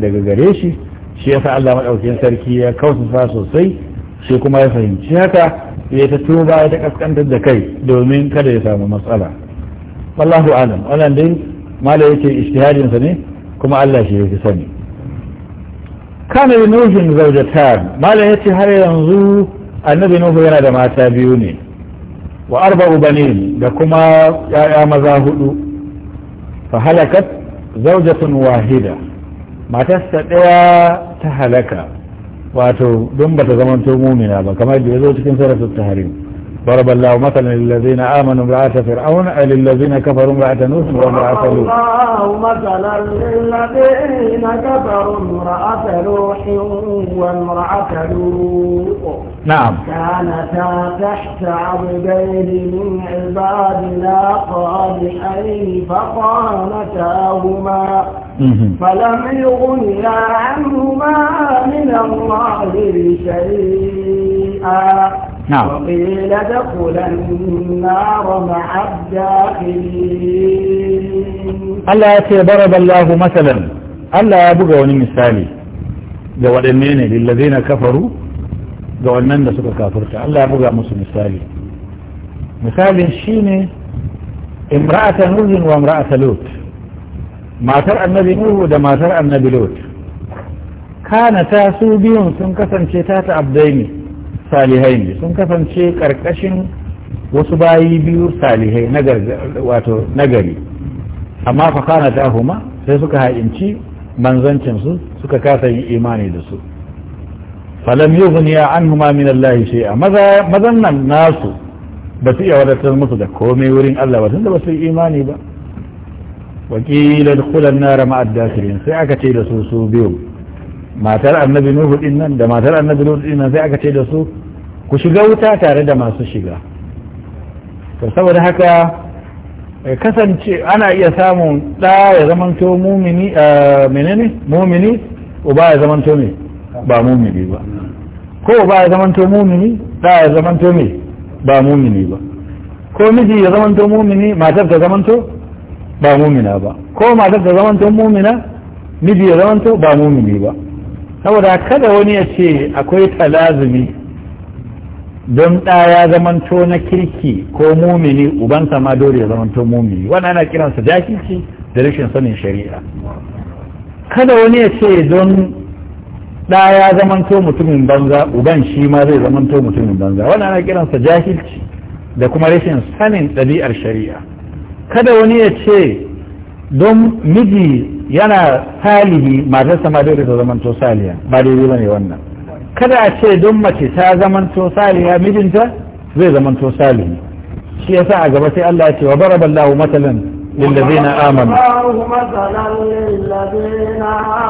daga gare shi shi yasa Allah madaukakin sarki ya kausa sosai shi kuma ya fahimci haka ya ta tuba ya ta kaskantar da kai domin kada ya samu matsala wallahu alam wannan dai mala yake ijtihadin ne kuma Allah shi yake sani kana bi nuhin zaujata mala yace har yanzu annabi nuhu yana da mata biyu ne wa arba'u ne da kuma ya'ya maza hudu fa halakat zaujatun wahida matarsa ɗaya ta halaka wato don bata zamanto mumina ba kamar da ya zo cikin ta harin. ضرب الله مثلا للذين آمنوا بعث فرعون للذين كفروا بعث نوح وبعث لوط الله مثلا للذين كفروا امرأة نوح وامرأة لوط نعم كانتا تحت عبدين من عبادنا صالحين فخانتاهما فلم يغنيا عنهما من الله شيئا نعم وقيل دخل النار مع الداخلين ألا يأتي ضرب الله مثلا ألا يبقى مثالي. لو المين للذين كفروا لو المين لسوك كافرك ألا يبقى مسلم مثالي مثال الشين امرأة نوز وامرأة لوت ما ترى النبي نوه ده ما ترى النبي لوت كانتا سوبيون سنكسن شتات عبديني salihai ne sun kasance karkashin wasu bayi biyu salihai wato nagari amma fa kana ta huma sai suka ha'inci manzancinsu suka kasa yin imani da su falam yughniya anhuma min Allah shay'a a mazan nan nasu ba su iya wadatar musu da komai wurin Allah ba tunda ba su yi imani ba wakila dukhulan nar ma'a sai aka ce da su su biyu matar annabi nuhu din nan da matar annabi nuhu din nan sai aka ce da su ku shiga wuta tare da masu shiga to saboda haka eh, kasance ana iya samun ɗa ya zamanto mumini eh, menene mumini uba ya zamanto ne ba mumini ba ko uba ya zamanto mumini ɗa ya zamanto ne ba mumini ba ko miji ya zamanto mumini matar ta zamanto ba mumina ba ko matar ta zamanto mumina miji ya zamanto ba mumini ba saboda kada wani ya ce akwai talazumi don ɗa ya zamanto na kirki ko mumini ubansa ma dole ya zamanto mumini wani ana kiransa jahilci da rashin sanin shari'a kada wani ya ce don ɗa ya zamanto mutumin banza uban shi ma zai zamanto mutumin banza wani ana kiransa jahilci da kuma rashin sanin ɗabi'ar shari'a kada wani ya ce don miji yana salihi matarsa ma dole ta to saliya ba yi bane wannan kada a ce don mace ta zaman to saliya mijinta zai zaman to salihi shi yasa a gaba sai Allah ya ce wa baraballahu matalan للذين آمنوا الله مثلا للذين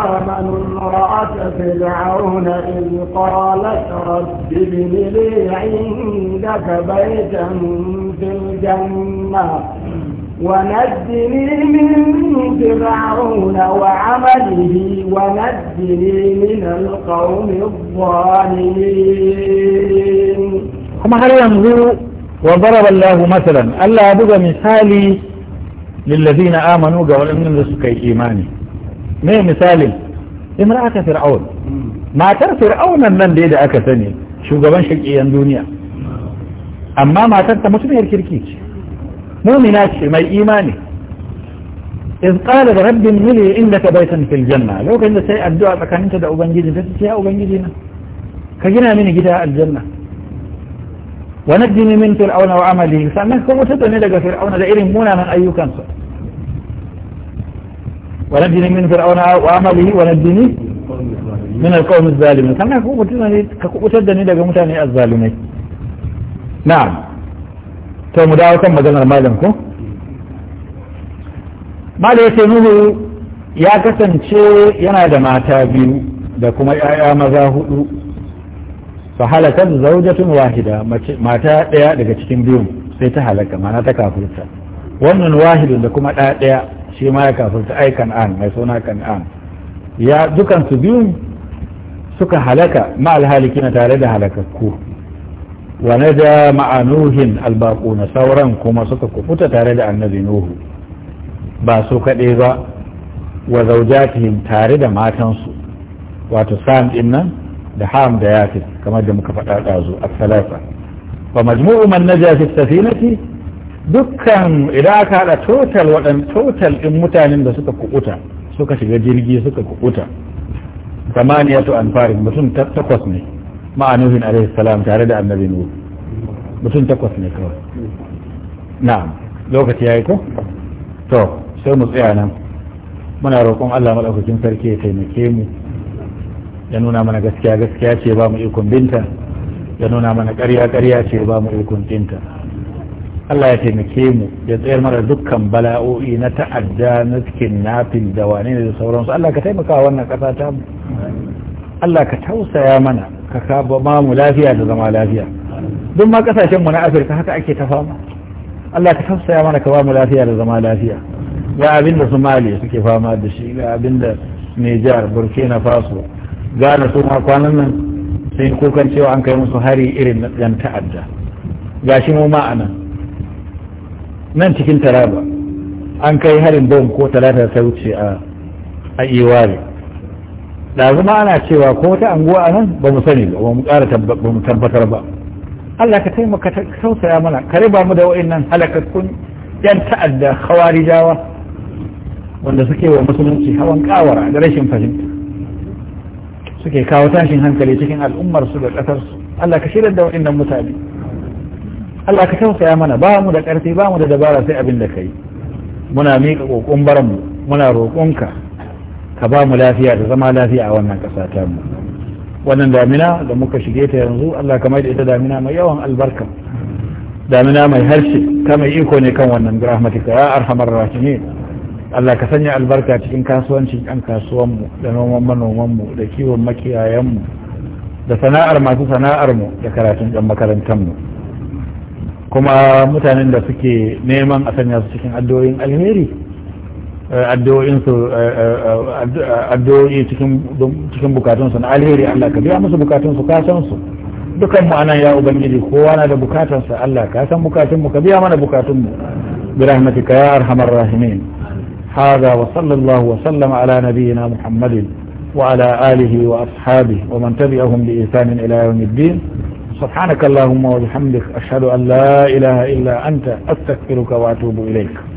آمنوا امرأة فرعون إذ قالت رب ابن لي عندك بيتا في الجنة ونجني من فرعون وعمله ونجني من القوم الظالمين كما هل ينظر وضرب الله مثلا ألا أبدا مثالي للذين آمنوا قبل من رسكي إيماني ما مثالي امرأة فرعون ما ترى فرعون من دي da شو sani shugaban الدنيا أما ما ترى مسلم mutumiyar مؤمنات ما الإيماني إذ قال رب ملي إنك بيتا في الجنة لو كنت سيء الدعاء فكان أنت دعو بنجيزي فإنت سيء أو بنجيزينا كجنا من جداء الجنة ونجني من فرعون وعمله سألناك كم ستني لك فرعون لإرم مونا من أي كنص ونجني من فرعون وعمله ونجني من القوم الظالمين سألناك كم ستني لك متاني الظالمين نعم to mu dawo kan maganar malam ko malam yace nuhu ya kasance yana da mata biyu da kuma 'ya'ya maza hudu fa halakar zaujatun wahida mata daya daga cikin biyun sai ta halaka mana ta kafurta wannan wahidun da kuma da daya shi ma ya kafurta ai kan'an mai suna kan'an ya dukansu biyu suka halaka ma alhaliki na tare da halakakku wa naja ma'a nuhin albaquna sauran kuma suka kufuta tare da annabi nuhu ba su kaɗai ba wa zaujatihim tare da matansu wato sam din nan da ham da yafi kamar da muka faɗa ɗazu a salafa wa majmu'u man naja fi safinati dukkan idan aka haɗa total waɗan total ɗin mutanen da suka kukuta suka shiga jirgi suka kukuta samaniyatu anfarin mutum takwas ne ma'a nuhin alaihi salam tare da annabi nuhu mutum takwas ne kawai na'am lokaci yayi ko to sai mu tsaya nan muna roƙon Allah madaukakin sarki ya taimake mu ya nuna mana gaskiya gaskiya ce ba mu ikon binta ya nuna mana ƙarya ƙarya ce ba mu ikon binta Allah ya taimake mu ya tsayar mana dukkan bala'o'i na ta'adda na cikin nafin da wane da sauransu Allah ka taimaka wannan ƙasa ta mu Allah ka tausaya mana ka kaba mamu mu lafiya da zama lafiya duk ma kasashen mu na afirka haka ake ta fama Allah ka tausaya mana ka ba mu lafiya da zama lafiya ga abin da somali suke fama da shi ga abin da nijar burkina faso gane su ma kwanan nan sun yi kukan cewa an kai musu hari irin na ɗan ta'adda ga shi mu ma'ana nan cikin taraba an kai harin bom ko talata ta wuce a iwari da zama ana cewa ko wata anguwa a nan ba mu sani ba mu ƙara ba mu tabbatar ba Allah ka taimaka ka tausaya mana kare ba mu da wa'annan halakakkun yan ta'adda khawarijawa wanda suke wa musulunci hawan kawara da rashin fahimta suke kawo tashin hankali cikin al'ummar su da ƙasar su Allah ka shirar da wa'annan mutane Allah ka tausaya mana ba mu da ƙarfi ba mu da dabara sai abin da kai muna miƙa ƙoƙon baranmu muna roƙonka ka ba mu lafiya da zama lafiya a wannan ƙasa ta mu wannan damina da muka shige ta yanzu Allah kamar ita damina mai yawan albarka damina mai harshe ka mai iko ne kan wannan bi rahmatika ya arhamar rahimin Allah ka sanya albarka cikin kasuwancin ɗan kasuwanmu da noman manomanmu da kiwon makiyayanmu da sana'ar masu sana'armu da karatun ɗan mu kuma mutanen da suke neman a sanya su cikin addu'o'in alheri addu'o'i cikin bukatunsu na alheri Allah ka biya musu bukatunsu ka san su dukan mu anan ya ubangiji kowa na da bukatunsa Allah ka san bukatunmu ka biya mana bukatunmu bi rahmatika ya arhamar rahimin hada wa sallallahu wa sallama ala nabiyyina muhammadin wa ala alihi wa ashabi wa man tabi'ahum bi ihsanin ila yawmiddin سبحانك اللهم وبحمدك أشهد أن لا illa anta أنت أستغفرك وأتوب إليك